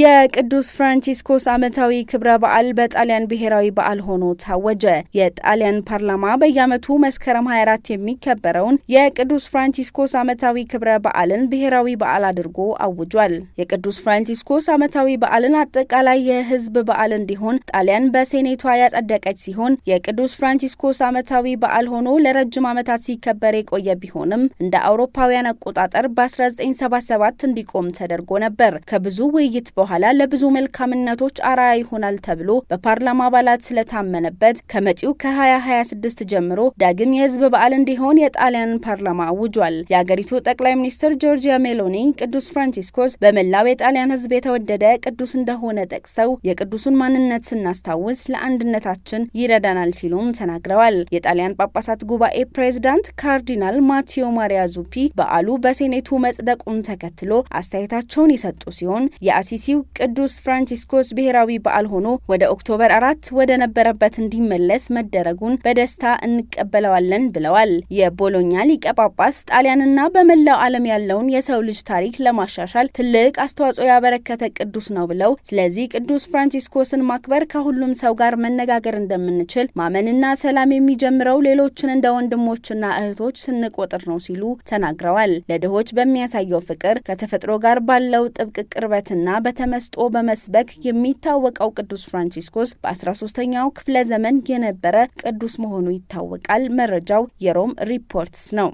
የቅዱስ ፍራንቺስኮስ ዓመታዊ ክብረ በዓል በጣሊያን ብሔራዊ በዓል ሆኖ ታወጀ። የጣሊያን ፓርላማ በየዓመቱ መስከረም 24 የሚከበረውን የቅዱስ ፍራንቺስኮስ ዓመታዊ ክብረ በዓልን ብሔራዊ በዓል አድርጎ አውጇል። የቅዱስ ፍራንቺስኮስ ዓመታዊ በዓልን አጠቃላይ የሕዝብ በዓል እንዲሆን ጣሊያን በሴኔቷ ያጸደቀች ሲሆን የቅዱስ ፍራንቺስኮስ ዓመታዊ በዓል ሆኖ ለረጅም ዓመታት ሲከበር የቆየ ቢሆንም እንደ አውሮፓውያን አቆጣጠር በ1977 እንዲቆም ተደርጎ ነበር። ከብዙ ውይይት በ በኋላ ለብዙ መልካምነቶች አርአያ ይሆናል ተብሎ በፓርላማ አባላት ስለታመነበት ከመጪው ከ2026 ጀምሮ ዳግም የህዝብ በዓል እንዲሆን የጣሊያን ፓርላማ አውጇል። የአገሪቱ ጠቅላይ ሚኒስትር ጆርጂያ ሜሎኒ ቅዱስ ፍራንቺስኮስ በመላው የጣሊያን ህዝብ የተወደደ ቅዱስ እንደሆነ ጠቅሰው የቅዱሱን ማንነት ስናስታውስ ለአንድነታችን ይረዳናል ሲሉም ተናግረዋል። የጣሊያን ጳጳሳት ጉባኤ ፕሬዝዳንት ካርዲናል ማቴዮ ማሪያ ዙፒ በዓሉ በሴኔቱ መጽደቁን ተከትሎ አስተያየታቸውን የሰጡ ሲሆን የአሲሲ የፓሲው ቅዱስ ፍራንቺስኮስ ብሔራዊ በዓል ሆኖ ወደ ኦክቶበር አራት ወደ ነበረበት እንዲመለስ መደረጉን በደስታ እንቀበለዋለን ብለዋል። የቦሎኛ ሊቀ ጳጳስ ጣሊያንና በመላው ዓለም ያለውን የሰው ልጅ ታሪክ ለማሻሻል ትልቅ አስተዋጽኦ ያበረከተ ቅዱስ ነው ብለው ስለዚህ ቅዱስ ፍራንቺስኮስን ማክበር ከሁሉም ሰው ጋር መነጋገር እንደምንችል ማመንና ሰላም የሚጀምረው ሌሎችን እንደ ወንድሞችና እህቶች ስንቆጥር ነው ሲሉ ተናግረዋል። ለድሆች በሚያሳየው ፍቅር ከተፈጥሮ ጋር ባለው ጥብቅ ቅርበትና በ። ተመስጦ በመስበክ የሚታወቀው ቅዱስ ፍራንቺስኮስ በ13ኛው ክፍለ ዘመን የነበረ ቅዱስ መሆኑ ይታወቃል። መረጃው የሮም ሪፖርትስ ነው።